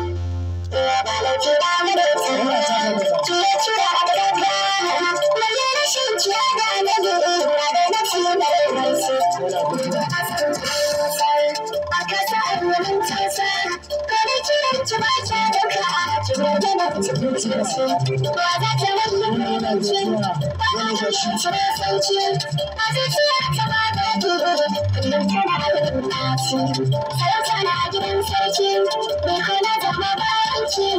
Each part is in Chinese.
我听到我的思念，听到我的歌声，满眼的深情，却难掩心底的叹息。我看到我的故乡，我看到我的家乡，我的亲人，我的家乡，可我却不能回去。我看到我的母亲，我看到我的父亲，我却要他们放心。kwana gidan sarki bai kwana zama bayan ki a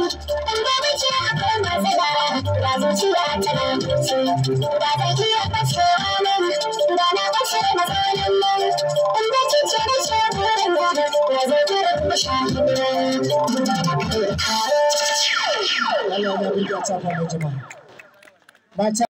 gobe ce akwai masu gara ga zuciya tana tuci ba ta iya da na fashe matsalan nan in da ce da shi burin da ya zo ta rubu shahidin. Allah ya ba